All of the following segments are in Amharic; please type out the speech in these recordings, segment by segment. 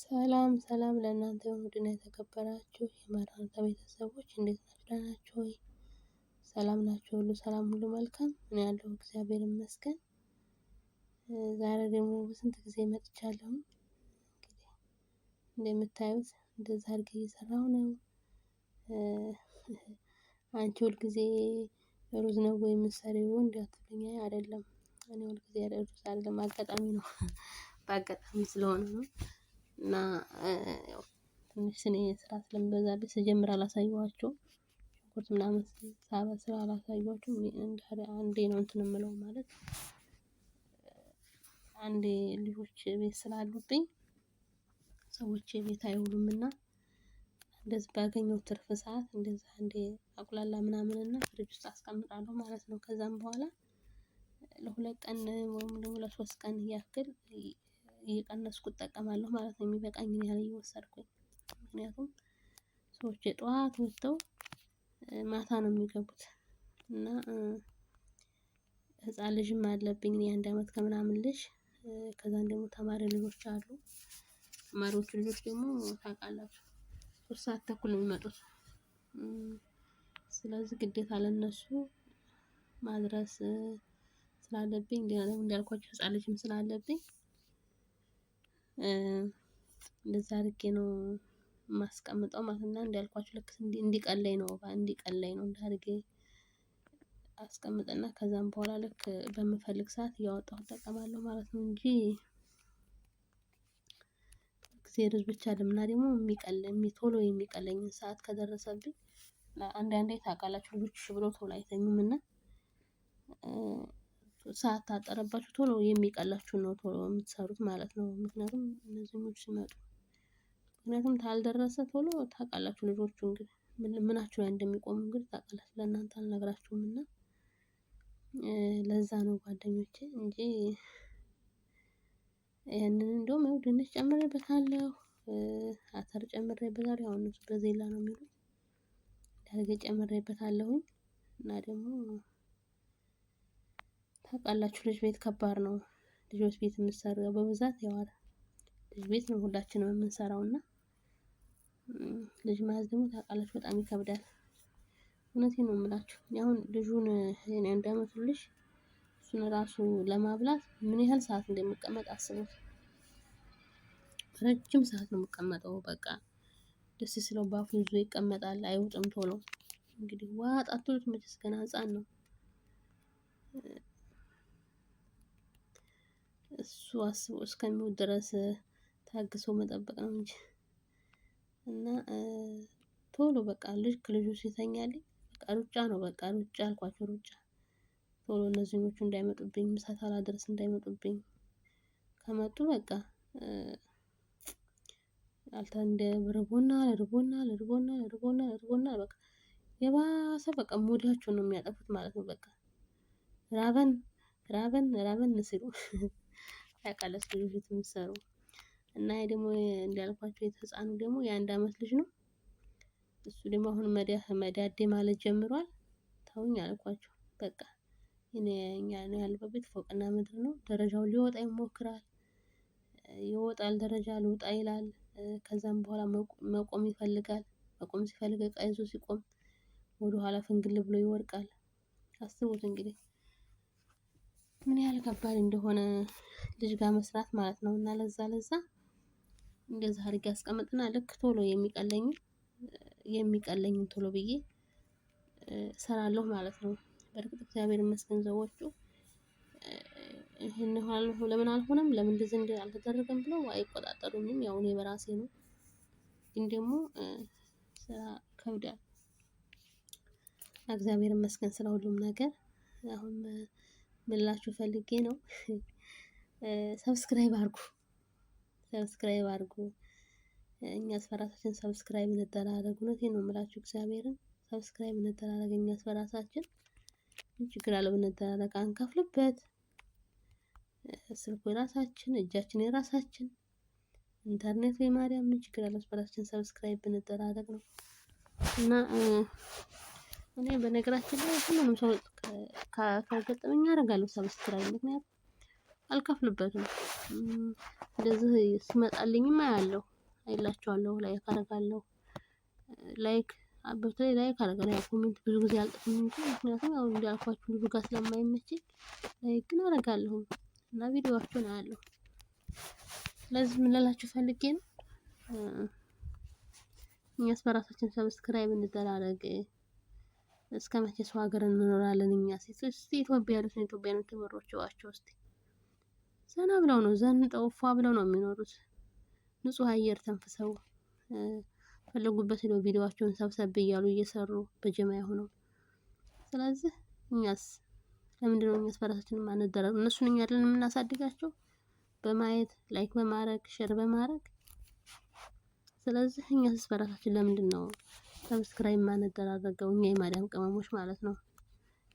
ሰላም ሰላም ለእናንተ ውድና የተከበራችሁ የማራናታ ቤተሰቦች እንዴት ናችሁ? ደህና ናችሁ ወይ? ሰላም ናችሁ? ሁሉ ሰላም፣ ሁሉ መልካም። እኔ ያለው እግዚአብሔር ይመስገን። ዛሬ ደግሞ በስንት ጊዜ መጥቻለሁ። እንደምታዩት እንደዛ አድርጌ እየሰራሁ ነው። አንቺ ሁልጊዜ ሩዝ ነው ወይ የምትሰሪው? እንዳትሉኝ አይደለም፣ እኔ ሁልጊዜ ሩዝ አይደለም፣ አጋጣሚ ነው፣ በአጋጣሚ ስለሆነ ነው እና ትንሽ ስኔ ስራ ስለሚበዛብኝ ስጀምር አላሳየኋቸውም። ሽንኩርት ምናምን ሳበስል አላሳየኋቸውም። አንዴ ነው እንትን የምለው ማለት አንዴ ልጆች ቤት ስላሉብኝ ሰዎች ቤት አይውሉም እና እንደዚህ ባገኘው ትርፍ ሰዓት እንደዚህ አንዴ አቁላላ ምናምን እና ፍሪጅ ውስጥ አስቀምጣለሁ ማለት ነው። ከዛም በኋላ ለሁለት ቀን ወይም ደግሞ ለሶስት ቀን እያክል። እየቀነስኩ እጠቀማለሁ ማለት ነው። የሚበቃኝን ያህል እየወሰድኩኝ ምክንያቱም ሰዎች የጠዋት ወጥተው ማታ ነው የሚገቡት እና ህፃን ልጅም አለብኝ የአንድ አመት ከምናምን ልጅ ከዛም ደግሞ ተማሪ ልጆች አሉ። ተማሪዎቹ ልጆች ደግሞ ታውቃላችሁ ሶስት ሰዓት ተኩል ነው የሚመጡት። ስለዚህ ግዴታ ለነሱ ማድረስ ስላለብኝ እንዳልኳቸው ህፃን ልጅም ስላለብኝ እንደዛ አድርጌ ነው ማስቀምጠው ማለት እና እንዳልኳችሁ ልክ እንዲቀለኝ ነው እንዲቀለኝ ነው እንደ አድርጌ አስቀምጥና ከዛም በኋላ ልክ በምፈልግ ሰዓት እያወጣሁ እጠቀማለሁ ማለት ነው እንጂ ጊዜ ሩዝ ብቻ ልምና ደግሞ የሚቀለኝ ቶሎ የሚቀለኝን ሰዓት ከደረሰብኝ አንዳንዴ ታውቃላችሁ ልጆች ብሎ ቶሎ አይተኙም እና ሳታጠረባችሁ ቶሎ የሚቀላችሁ ነው ቶሎ የምትሰሩት ማለት ነው። ምክንያቱም እነዚህኞች ሲመጡ ምክንያቱም ታልደረሰ ቶሎ ታውቃላችሁ። ልጆቹ እንግዲህ ምናችሁ ላይ እንደሚቆሙ እንግዲህ ታውቃላችሁ። ለእናንተ አልነግራችሁም እና ለዛ ነው ጓደኞቼ እንጂ ያንን እንዲሁም ያው ድንች ጨምሬበታለሁ፣ አተር ጨምሬበታለሁ። ያው እነሱ በዜላ ነው የሚሉት ዳርጌ ጨምሬበታለሁኝ እና ደግሞ ታውቃላችሁ ልጅ ቤት ከባድ ነው። ልጆች ቤት የምትሰሩ ያው በብዛት ያዋል ልጅ ቤት ነው ሁላችንም የምንሰራው እና ልጅ መያዝ ደግሞ ታውቃላችሁ በጣም ይከብዳል። እውነቴን ነው የምላችሁ። አሁን ልጁን እኔ አመቱ ልጅ እሱን ራሱ ለማብላት ምን ያህል ሰዓት እንደምቀመጥ አስቡት። ረጅም ሰዓት ነው የምቀመጠው። በቃ ደስ ስለው ባፉ ይዞ ይቀመጣል፣ አይውጥም ቶሎ። እንግዲህ ዋጣ አትሉት መቼስ ገና ህፃን ነው። እሱ አስቦ እስከሚውል ድረስ ታግሶ መጠበቅ ነው እንጂ እና ቶሎ በቃ ልጅ ከልጁ ሲተኛል በቃ ሩጫ ነው በቃ ሩጫ አልኳቸው። ሩጫ ቶሎ እነዚህኞቹ እንዳይመጡብኝ ምሳ ሳላደርስ እንዳይመጡብኝ ከመጡ በቃ አልታ እንደ ርቦናል ርቦናል ርቦናል ርቦናል ርቦናል በቃ የባሰ በቃ ሙዳቸውን ነው የሚያጠፉት ማለት ነው። በቃ ራበን ራበን ራበን ሲሉ ያውቃለች ልጅ የምትሰሩ እና ይሄ ደግሞ እንዳልኳቸው የተጻኑ ደግሞ የአንድ አመት ልጅ ነው። እሱ ደግሞ አሁን መዳዴ ማለት ጀምሯል። ታውኝ አልኳቸው በቃ እኛ ነው ያለበት ቤት ፎቅና ምድር ነው። ደረጃው ሊወጣ ይሞክራል፣ ይወጣል፣ ደረጃ ልውጣ ይላል። ከዛም በኋላ መቆም ይፈልጋል። መቆም ሲፈልግ እቃ ይዞ ሲቆም ወደኋላ ፍንግል ብሎ ይወድቃል። አስቡት እንግዲህ ምን ያህል ከባድ እንደሆነ ልጅ ጋር መስራት ማለት ነው። እና ለዛ ለዛ እንደዛ አድርጌ አስቀምጥና ልክ ቶሎ የሚቀለኝ የሚቀለኝን ቶሎ ብዬ እሰራለሁ ማለት ነው። በእርግጥ እግዚአብሔር ይመስገን ሰዎቹ ይህን ለምን አልሆነም ለምን እንደዚህ አልተደረገም ብለው አይቆጣጠሩኝም። ያው እኔ በራሴ ነው። ግን ደግሞ ስራ ከብዳል። እግዚአብሔር ይመስገን ስለ ሁሉም ነገር አሁን ምላችሁ ፈልጌ ነው። ሰብስክራይብ አርጉ ሰብስክራይብ አርጉ እኛ ስፈራሳችን ሰብስክራይብ እንደራረግ። ነው ነው የምላችሁ እግዚአብሔርን ሰብስክራይብ እንደራረግ። እኛ ስፈራሳችን ችግር አለው ብንደራረግ፣ አንከፍልበት። ስልኩ የራሳችን፣ እጃችን የራሳችን፣ ኢንተርኔት ወይ ማርያም ምን ችግር አለው? ሰብስክራይብ ብንደራረግ ነው እና እኔ በነገራችን ላይ ሁሉንም ሰው ከገጠመኝ አደርጋለሁ ሰብስክራይብ፣ ምክንያቱም አልከፍልበትም። እንደዚህ ሲመጣልኝም አያለሁ፣ አይላችኋለሁ፣ ላይክ አደርጋለሁ። ላይክ በተለይ ላይክ አደርጋለሁ። ኮሜንት ብዙ ጊዜ አልጥፍም እንጂ ምክንያቱም ያው እንዳልኳችሁ ብዙ ጋር ስለማይመችል ላይክ ግን አደርጋለሁ እና ቪዲዮዋቸውን አያለሁ። ስለዚህ ምን ልላችሁ ፈልጌ ነው እኛስ በራሳችን ሰብስክራይብ እንደራረግ እስከ መቼ ሰው ሀገር እንኖራለን እኛ ሴቶች? እስቲ ኢትዮጵያኖችን ኢትዮጵያኖች ምሯቸዋቸው እስቲ ዘና ብለው ነው ዘንጠው ፏ ብለው ነው የሚኖሩት። ንጹህ አየር ተንፍሰው ፈለጉበት ሄደው ቪዲዮዋቸውን ሰብሰብ እያሉ እየሰሩ በጀማ ሆነው። ስለዚህ እኛስ ለምንድን ነው እኛስ በራሳችን ማንደረግ? እነሱን እኛ አይደለን የምናሳድጋቸው በማየት ላይክ በማድረግ ሼር በማድረግ ስለዚህ እኛስ በራሳችን ለምንድን ነው ሰብስክራይብ ማንደራረገው እኛ የማዳም ቅመሞች ማለት ነው።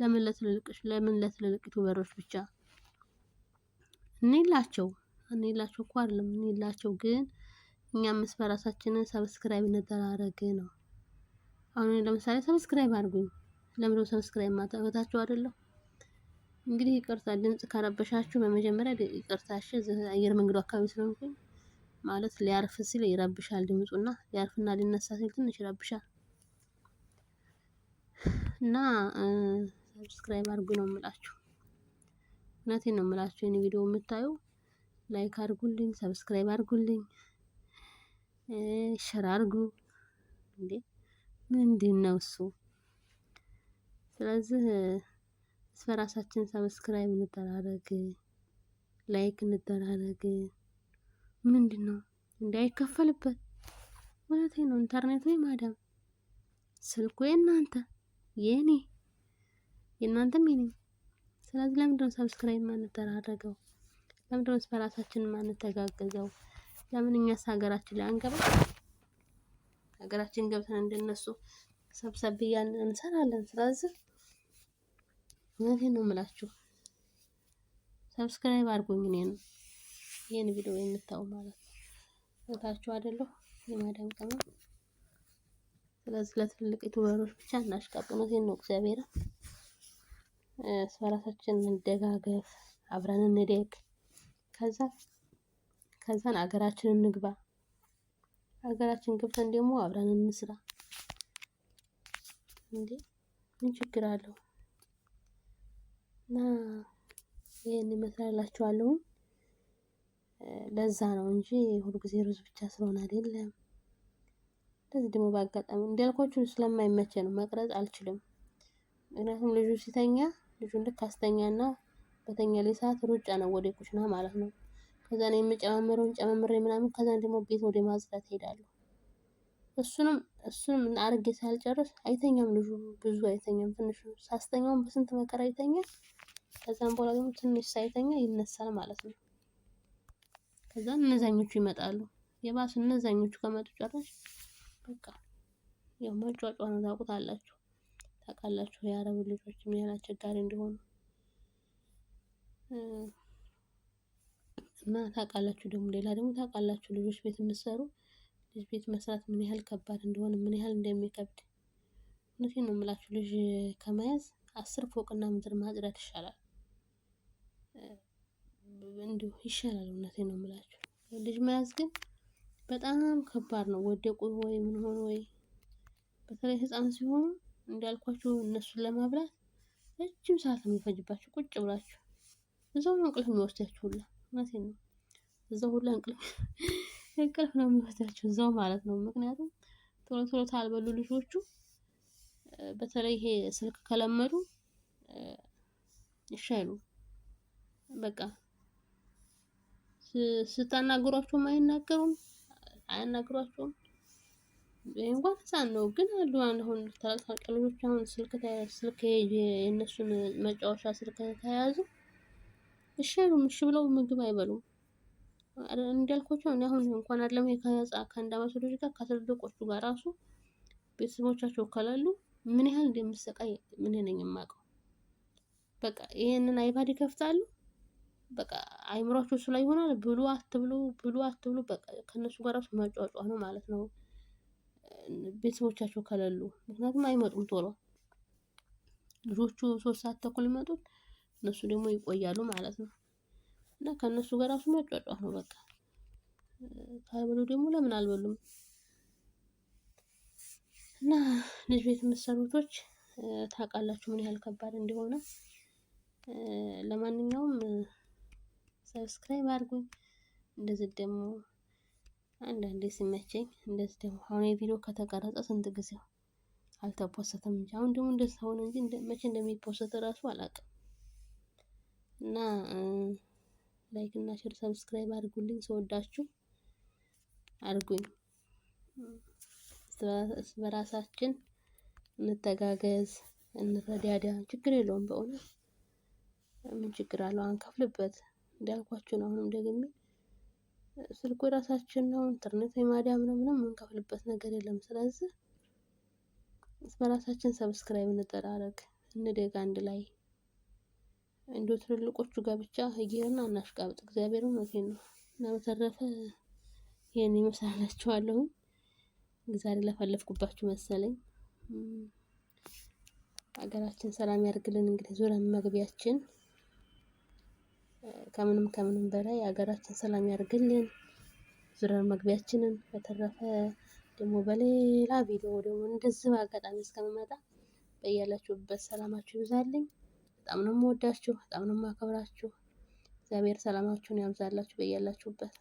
ለምን ለትልልቅ ለምን ለትልልቅ ዩቲዩበሮች ብቻ እንይላቸው እንይላቸው እኮ አይደለም እንይላቸው፣ ግን እኛም ምስ በራሳችንን ሰብስክራይብ እንደራረግ ነው። አሁን ለምሳሌ ሰብስክራይብ አድርጉኝ። ለምን ነው ሰብስክራይብ ማታወታችሁ አይደለም? እንግዲህ ይቅርታ ድምጽ ካረበሻችሁ በመጀመሪያ ይቅርታ። እሺ አየር መንገዱ አካባቢ ስለሆንኩኝ ማለት ሊያርፍ ሲል ይረብሻል ድምጹና፣ ሊያርፍና ሊነሳ ሲል ትንሽ ይረብሻል። እና ሰብስክራይብ አድርጉ ነው የምላችሁ። እውነቴ ነው የምላችሁ። ይህን ቪዲዮ የምታዩ ላይክ አድርጉልኝ፣ ሰብስክራይብ አድርጉልኝ፣ ሸር አድርጉ። እንዴ ምንድን ነው እሱ? ስለዚህ ራሳችን ሰብስክራይብ እንደራረግ፣ ላይክ እንደራረግ። ምንድን ነው እንዳይከፈልበት እውነቴ ነው። ኢንተርኔቱ ማዳም ስልኩ የእናንተ የኔ የእናንተም የኔ። ስለዚህ ለምንድነው ሰብስክራይብ ማንደራረገው? ለምንድነው በራሳችን ማንተጋገዘው? ለምን እኛስ ሀገራችን ላይ አንገባ? ሀገራችን ገብተን እንደነሱ ሰብሰብ ብያን እንሰራለን። ስለዚህ እውነቴን ነው የምላችሁ፣ ሰብስክራይብ አድርጎኝ ነው ይህን ቪዲዮ የምታው ማለት ነው። እታችሁ አይደለሁ የማዳም ቅመም ስለዚህ ለትልልቅ ዩቱበሮች ብቻ እናሽቃቅ ነው ነው እግዚአብሔር ራሳችን እንደጋገፍ፣ አብረን እንደግ፣ ከዛ ከዛን አገራችን እንግባ። አገራችን ገብተን ደግሞ አብረን እንስራ። እንዴ ምን ችግር አለው? እና ይህን ይመስላላችኋለሁ። ለዛ ነው እንጂ ሁልጊዜ ሩዝ ብቻ ስለሆነ አይደለም። እንደዚህ ደግሞ በአጋጣሚ እንዳልኳችሁ ስለማይመቸ ነው መቅረጽ አልችልም። ምክንያቱም ልጁ ሲተኛ ልጁ ልክ አስተኛና በተኛ ላይ ሰዓት ሩጫ ነው ወደ ኩሽና ማለት ነው። ከዛ ነው የምጨማምረውን ጨማምሬ ምናምን ከዛ ደግሞ ቤት ወደ ማጽዳት ሄዳለሁ። እሱንም እሱንም አርጌ ሳልጨርስ አይተኛም ልጁ ብዙ አይተኛም። ትንሽ ሳስተኛውን በስንት መከራ አይተኛ? ከዛም በኋላ ደግሞ ትንሽ ሳይተኛ ይነሳል ማለት ነው። ከዛ እነዛኞቹ ይመጣሉ። የባሱ እነዛኞቹ ከመጡ ጨራሽ በቃ ያው መጫጫ ነው። ታውቁታላችሁ፣ ታውቃላችሁ የአረብ ልጆች ምን ያህል አስቸጋሪ እንደሆኑ እና ታውቃላችሁ ደግሞ ሌላ ደግሞ ታውቃላችሁ ልጆች ቤት የምትሰሩ ልጅ ቤት መስራት ምን ያህል ከባድ እንደሆነ ምን ያህል እንደሚከብድ እውነቴን ነው የምላችሁ። ልጅ ከመያዝ አስር ፎቅና ምድር ማጽዳት ይሻላል፣ እንዲሁ ይሻላል። እውነቴን ነው የምላችሁ ልጅ መያዝ ግን በጣም ከባድ ነው። ወደቁ ወይ ምን ሆነ ወይ በተለይ ህፃን ሲሆኑ እንዳልኳችሁ እነሱን ለማብላት ረጅም ሰዓት ነው የሚፈጅባችሁ። ቁጭ ብላችሁ እዛው ነው እንቅልፍ የሚወስዳችሁ ሁላ። ማለት ነው። እዛው ሁላ እንቅልፍ እንቅልፍ ነው የሚወስዳችሁ እዛው ማለት ነው። ምክንያቱም ቶሎ ቶሎ ታልበሉ ልጆቹ በተለይ ይሄ ስልክ ከለመዱ ይሻሉ። በቃ ስታናግሯቸውም አይናገሩም። አያናግሯቸውም። እንኳን ህፃን ነው ግን አሉ። አሁን ታላቅ ልጆች አሁን ስልክ ስልክ የእነሱን መጫወቻ ስልክ ተያያዙ። እሺ አይሉም። እሺ ብለው ምግብ አይበሉም። እንዳልኳቸው እኔ አሁን እንኳን አለም ከህፃ ከአንድ አመት ልጅ ጋር ከትልልቆቹ ጋር ራሱ ቤተሰቦቻቸው ከላሉ ምን ያህል እንደምሰቃይ ምን ነኝ የማውቀው። በቃ ይህንን አይፓድ ይከፍታሉ በቃ አይምሯቸው እሱ ላይ ይሆናል። ብሉ አትብሉ፣ ብሉ አትብሉ፣ በቃ ከእነሱ ጋር ራሱ መጫወጫ ነው ማለት ነው። ቤተሰቦቻቸው ከሌሉ ምክንያቱም አይመጡም ቶሎ ልጆቹ ሶስት ሰዓት ተኩል ይመጡት እነሱ ደግሞ ይቆያሉ ማለት ነው። እና ከእነሱ ጋር ራሱ መጫጫህ ነው በቃ ካልበሉ ደግሞ ለምን አልበሉም። እና ልጅ ቤት የምትሰሩቶች ታውቃላችሁ ምን ያህል ከባድ እንደሆነ። ለማንኛውም ሰብስክራይብ አድርጉኝ። እንደዚህ ደግሞ አንዳንዴ ሲመቸኝ እንደዚህ ደግሞ አሁን የቪዲዮ ከተቀረጸ ስንት ጊዜ አልተፖሰተም እንጂ አሁን ደግሞ እንደዚህ ሆነ እንጂ መቼ እንደሚፖሰት እራሱ አላውቅም። እና ላይክ እና ሼር ሰብስክራይብ አድርጉልኝ። ስወዳችሁ አድርጉኝ። በራሳችን እንተጋገዝ፣ እንረዳዳ። ችግር የለውም በእውነት ምን ችግር አለው? አንከፍልበት እንዳልኳችሁ ነው። አሁንም ደግሜ ስልኩ የራሳችን ነው፣ ኢንተርኔት የማዳም ነው፣ ምንም የምንከፍልበት ነገር የለም። ስለዚህ በራሳችን ሰብስክራይብ እንደራረግ፣ እንደግ አንድ ላይ እንዶ ትልልቆቹ ጋር ብቻ እየሄድን እናሽቃብጥ። እግዚአብሔር ይመስገን ነው እና በተረፈ ይህን ይመስላችኋለሁ። ዛሬ ለፈለፍኩባችሁ መሰለኝ። ሀገራችን ሰላም ያርግልን። እንግዲህ ዙሪያ መግቢያችን ከምንም ከምንም በላይ ሀገራችን ሰላም ያድርግልን። ዙረን መግቢያችንን በተረፈ ደግሞ በሌላ ቪዲዮ ደግሞ እንደዚህ በአጋጣሚ እስከምመጣ በያላችሁበት ሰላማችሁ ይብዛልኝ። በጣም ነው የምወዳችሁ፣ በጣም ነው የማከብራችሁ። እግዚአብሔር ሰላማችሁን ያብዛላችሁ በያላችሁበት።